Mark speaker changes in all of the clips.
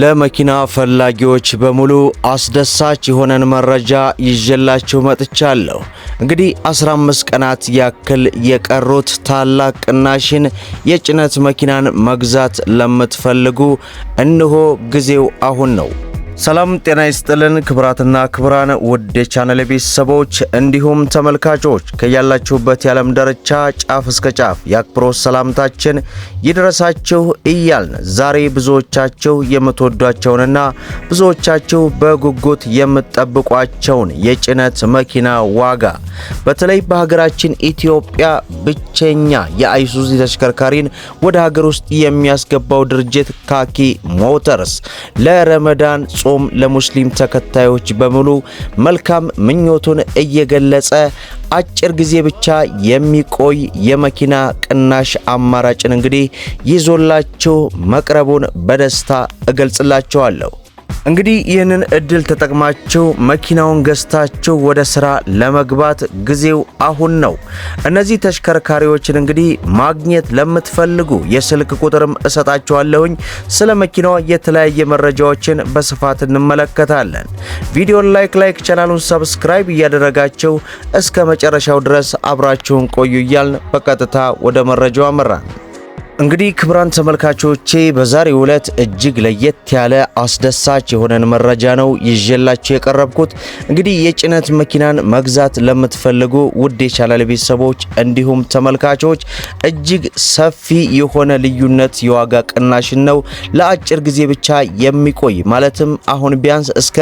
Speaker 1: ለመኪና ፈላጊዎች በሙሉ አስደሳች የሆነን መረጃ ይዤላችሁ መጥቻለሁ። እንግዲህ 15 ቀናት ያክል የቀሩት ታላቅ ቅናሽን የጭነት መኪናን መግዛት ለምትፈልጉ እንሆ ጊዜው አሁን ነው። ሰላም ጤና ይስጥልን ክብራትና ክብራን ውድ የቻናል ቤተሰቦች እንዲሁም ተመልካቾች ከያላችሁበት የዓለም ዳርቻ ጫፍ እስከ ጫፍ የአክብሮት ሰላምታችን ይድረሳችሁ እያልን ዛሬ ብዙዎቻችሁ የምትወዷቸውንና ብዙዎቻችሁ በጉጉት የምትጠብቋቸውን የጭነት መኪና ዋጋ በተለይ በሀገራችን ኢትዮጵያ ብቸኛ የአይሱዚ ተሽከርካሪን ወደ ሀገር ውስጥ የሚያስገባው ድርጅት ካኪ ሞተርስ ለረመዳን ጾም ለሙስሊም ተከታዮች በሙሉ መልካም ምኞቱን እየገለጸ አጭር ጊዜ ብቻ የሚቆይ የመኪና ቅናሽ አማራጭን እንግዲህ ይዞላችሁ መቅረቡን በደስታ እገልጽላችኋለሁ። እንግዲህ ይህንን እድል ተጠቅማችሁ መኪናውን ገዝታችሁ ወደ ስራ ለመግባት ጊዜው አሁን ነው። እነዚህ ተሽከርካሪዎችን እንግዲህ ማግኘት ለምትፈልጉ የስልክ ቁጥርም እሰጣችኋለሁኝ። ስለ መኪናዋ የተለያየ መረጃዎችን በስፋት እንመለከታለን። ቪዲዮን ላይክ ላይክ ቻናሉን ሰብስክራይብ እያደረጋችሁ እስከ መጨረሻው ድረስ አብራችሁን ቆዩ እያልን በቀጥታ ወደ መረጃው አመራን። እንግዲህ ክቡራን ተመልካቾቼ በዛሬው ዕለት እጅግ ለየት ያለ አስደሳች የሆነን መረጃ ነው ይዤላችሁ የቀረብኩት። እንግዲህ የጭነት መኪናን መግዛት ለምትፈልጉ ውድ የቻናል ቤተሰቦች እንዲሁም ተመልካቾች እጅግ ሰፊ የሆነ ልዩነት የዋጋ ቅናሽን ነው ለአጭር ጊዜ ብቻ የሚቆይ ማለትም አሁን ቢያንስ እስከ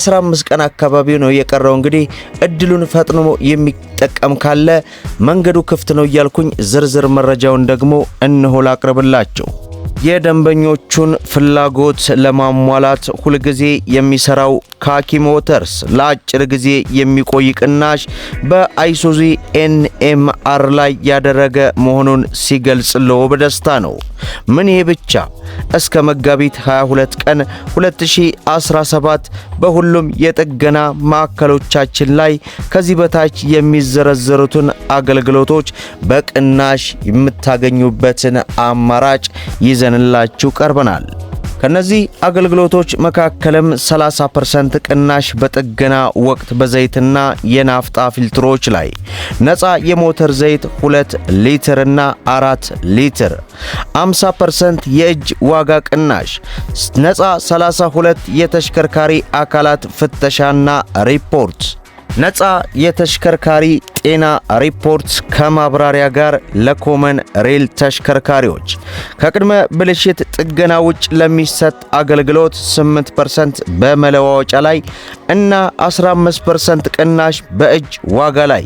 Speaker 1: 15 ቀን አካባቢ ነው የቀረው። እንግዲህ እድሉን ፈጥኖ የሚጠቀም ካለ መንገዱ ክፍት ነው እያልኩኝ ዝርዝር መረጃውን ደግሞ እን እንሆ ላቅርብላችሁ። የደንበኞቹን ፍላጎት ለማሟላት ሁልጊዜ የሚሰራው ካኪ ሞተርስ ለአጭር ጊዜ የሚቆይ ቅናሽ በአይሱዚ ኤንኤምአር ላይ ያደረገ መሆኑን ሲገልጽ ለው በደስታ ነው። ምን ይሄ ብቻ! እስከ መጋቢት 22 ቀን 2017 በሁሉም የጥገና ማዕከሎቻችን ላይ ከዚህ በታች የሚዘረዘሩትን አገልግሎቶች በቅናሽ የምታገኙበትን አማራጭ ይዘ ይዘንላችሁ ቀርበናል። ከነዚህ አገልግሎቶች መካከልም 30% ቅናሽ በጥገና ወቅት በዘይትና የናፍጣ ፊልትሮች ላይ ነፃ የሞተር ዘይት 2 ሊትር እና 4 ሊትር 50% የእጅ ዋጋ ቅናሽ ነፃ 32 የተሽከርካሪ አካላት ፍተሻና ሪፖርት ነፃ የተሽከርካሪ የጤና ሪፖርት ከማብራሪያ ጋር ለኮመን ሬል ተሽከርካሪዎች ከቅድመ ብልሽት ጥገና ውጭ ለሚሰጥ አገልግሎት 8% በመለዋወጫ ላይ እና 15% ቅናሽ በእጅ ዋጋ ላይ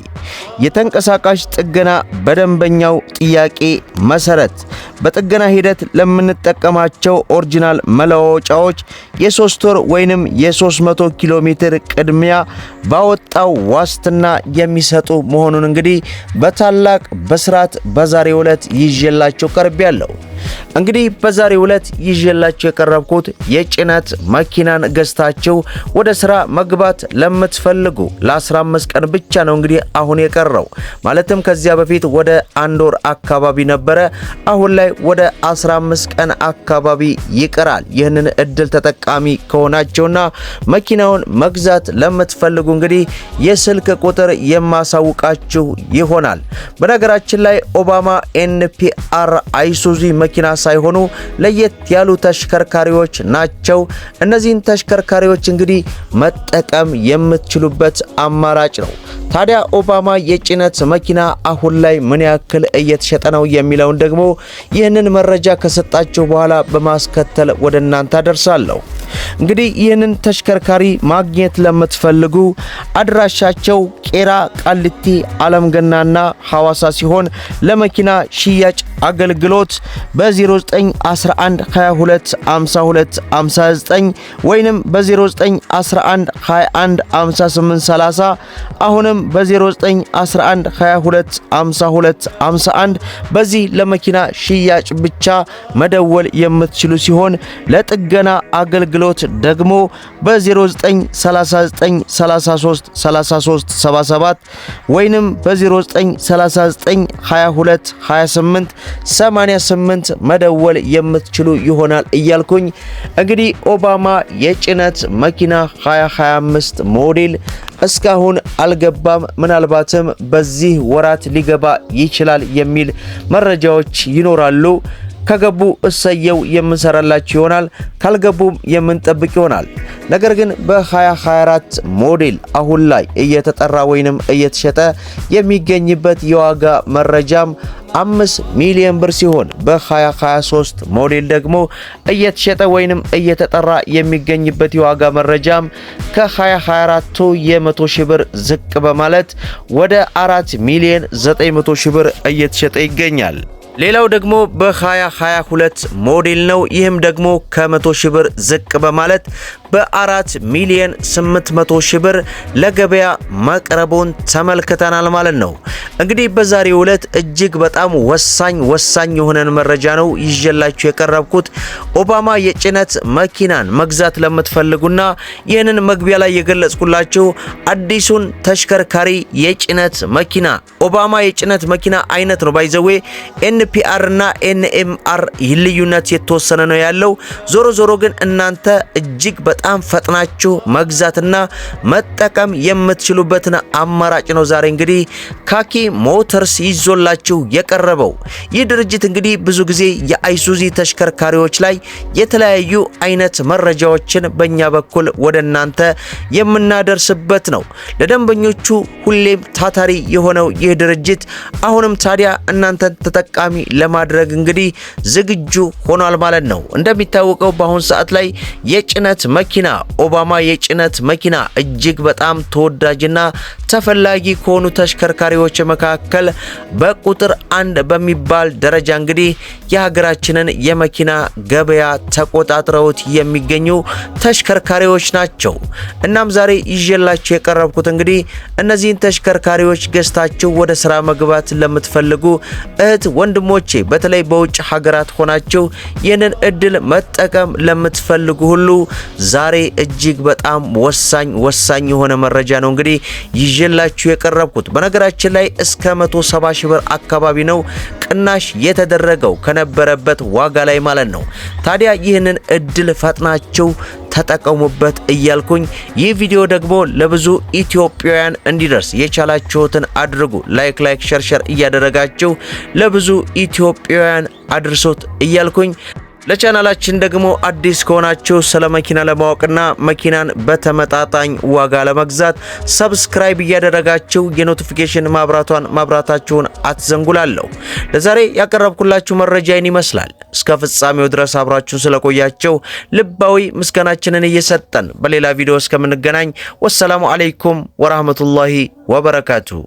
Speaker 1: የተንቀሳቃሽ ጥገና በደንበኛው ጥያቄ መሰረት በጥገና ሂደት ለምንጠቀማቸው ኦሪጂናል መለዋወጫዎች የሶስት ወር ወይንም የ300 ኪሎ ሜትር ቅድሚያ ባወጣው ዋስትና የሚሰጡ መሆኑን እንግዲህ በታላቅ በስርዓት በዛሬው ዕለት ይዤላቸው ቀርቤያለሁ። እንግዲህ በዛሬው ዕለት ይዤላችሁ የቀረብኩት የጭነት መኪናን ገዝታችሁ ወደ ስራ መግባት ለምትፈልጉ ለ15 ቀን ብቻ ነው እንግዲህ አሁን የቀረው ማለትም ከዚያ በፊት ወደ አንድ ወር አካባቢ ነበረ። አሁን ላይ ወደ 15 ቀን አካባቢ ይቀራል። ይህንን እድል ተጠቃሚ ከሆናቸውና መኪናውን መግዛት ለምትፈልጉ እንግዲህ የስልክ ቁጥር የማሳውቃችሁ ይሆናል። በነገራችን ላይ ኦባማ ኤንፒአር አይሱዚ መኪና ሳይሆኑ ለየት ያሉ ተሽከርካሪዎች ናቸው። እነዚህን ተሽከርካሪዎች እንግዲህ መጠቀም የምትችሉበት አማራጭ ነው። ታዲያ ኦባማ የጭነት መኪና አሁን ላይ ምን ያክል እየተሸጠ ነው የሚለውን ደግሞ ይህንን መረጃ ከሰጣችሁ በኋላ በማስከተል ወደ እናንተ አደርሳለሁ። እንግዲህ ይህንን ተሽከርካሪ ማግኘት ለምትፈልጉ አድራሻቸው ቄራ፣ ቃሊቲ፣ አለም ገናና ሐዋሳ ሲሆን ለመኪና ሽያጭ አገልግሎት በ0911 22 52 59 ወይንም በ0911 አሁንም በ0911 በዚህ ለመኪና ሽያጭ ብቻ መደወል የምትችሉ ሲሆን ለጥገና አገልግሎት ደግሞ በ0939 77 ወይንም በ 88 መደወል የምትችሉ ይሆናል እያልኩኝ እንግዲህ ኦባማ የጭነት መኪና 2025 ሞዴል እስካሁን አልገባም። ምናልባትም በዚህ ወራት ሊገባ ይችላል የሚል መረጃዎች ይኖራሉ። ከገቡ እሰየው የምንሰራላችሁ ይሆናል፣ ካልገቡም የምንጠብቅ ይሆናል። ነገር ግን በ2024 ሞዴል አሁን ላይ እየተጠራ ወይንም እየተሸጠ የሚገኝበት የዋጋ መረጃም አምስት ሚሊዮን ብር ሲሆን በ2023 ሞዴል ደግሞ እየተሸጠ ወይንም እየተጠራ የሚገኝበት የዋጋ መረጃም ከ2024ቱ የ100 ሺህ ብር ዝቅ በማለት ወደ 4 ሚሊዮን 900 ሺህ ብር እየተሸጠ ይገኛል። ሌላው ደግሞ በ2022 ሞዴል ነው። ይህም ደግሞ ከ100 ሺህ ብር ዝቅ በማለት በ4 ሚሊዮን 800 ሺህ ብር ለገበያ መቅረቡን ተመልክተናል ማለት ነው። እንግዲህ በዛሬው ዕለት እጅግ በጣም ወሳኝ ወሳኝ የሆነን መረጃ ነው ይዤላችሁ የቀረብኩት። ኦባማ የጭነት መኪናን መግዛት ለምትፈልጉና ይህንን መግቢያ ላይ የገለጽኩላችሁ አዲሱን ተሽከርካሪ የጭነት መኪና ኦባማ የጭነት መኪና አይነት ነው ባይዘዌ ኤንፒአር እና ኤንኤምአር ልዩነት የተወሰነ ነው ያለው። ዞሮ ዞሮ ግን እናንተ እጅግ በጣም ፈጥናችሁ መግዛትና መጠቀም የምትችሉበትን አማራጭ ነው ዛሬ እንግዲህ ካኪ ሞተርስ ይዞላችሁ የቀረበው ይህ ድርጅት እንግዲህ ብዙ ጊዜ የአይሱዚ ተሽከርካሪዎች ላይ የተለያዩ አይነት መረጃዎችን በእኛ በኩል ወደ እናንተ የምናደርስበት ነው። ለደንበኞቹ ሁሌም ታታሪ የሆነው ይህ ድርጅት አሁንም ታዲያ እናንተን ተጠቃሚ ለማድረግ እንግዲህ ዝግጁ ሆኗል ማለት ነው። እንደሚታወቀው በአሁኑ ሰዓት ላይ የጭነት መኪና ኦባማ የጭነት መኪና እጅግ በጣም ተወዳጅና ተፈላጊ ከሆኑ ተሽከርካሪዎች መካከል በቁጥር አንድ በሚባል ደረጃ እንግዲህ የሀገራችንን የመኪና ገበያ ተቆጣጥረውት የሚገኙ ተሽከርካሪዎች ናቸው። እናም ዛሬ ይዤላችሁ የቀረብኩት እንግዲህ እነዚህን ተሽከርካሪዎች ገዝታችሁ ወደ ስራ መግባት ለምትፈልጉ እህት ወንድሞቼ፣ በተለይ በውጭ ሀገራት ሆናችሁ ይህንን እድል መጠቀም ለምትፈልጉ ሁሉ ዛሬ እጅግ በጣም ወሳኝ ወሳኝ የሆነ መረጃ ነው እንግዲህ ይዤላችሁ የቀረብኩት። በነገራችን ላይ እስከ 170 ሺህ ብር አካባቢ ነው ቅናሽ የተደረገው ከነበረበት ዋጋ ላይ ማለት ነው። ታዲያ ይህንን እድል ፈጥናችሁ ተጠቀሙበት እያልኩኝ ይህ ቪዲዮ ደግሞ ለብዙ ኢትዮጵያውያን እንዲደርስ የቻላችሁትን አድርጉ። ላይክ ላይክ ሸርሸር እያደረጋችሁ ለብዙ ኢትዮጵያውያን አድርሶት እያልኩኝ ለቻናላችን ደግሞ አዲስ ከሆናችሁ ስለ መኪና ለማወቅና መኪናን በተመጣጣኝ ዋጋ ለመግዛት ሰብስክራይብ እያደረጋችሁ የኖቲፊኬሽን ማብራቷን ማብራታችሁን አትዘንጉላለሁ። ለዛሬ ያቀረብኩላችሁ መረጃ ይህን ይመስላል። እስከ ፍጻሜው ድረስ አብራችሁን ስለቆያችሁ ልባዊ ምስጋናችንን እየሰጠን በሌላ ቪዲዮ እስከምንገናኝ ወሰላሙ አለይኩም ወራህመቱላሂ ወበረካቱሁ።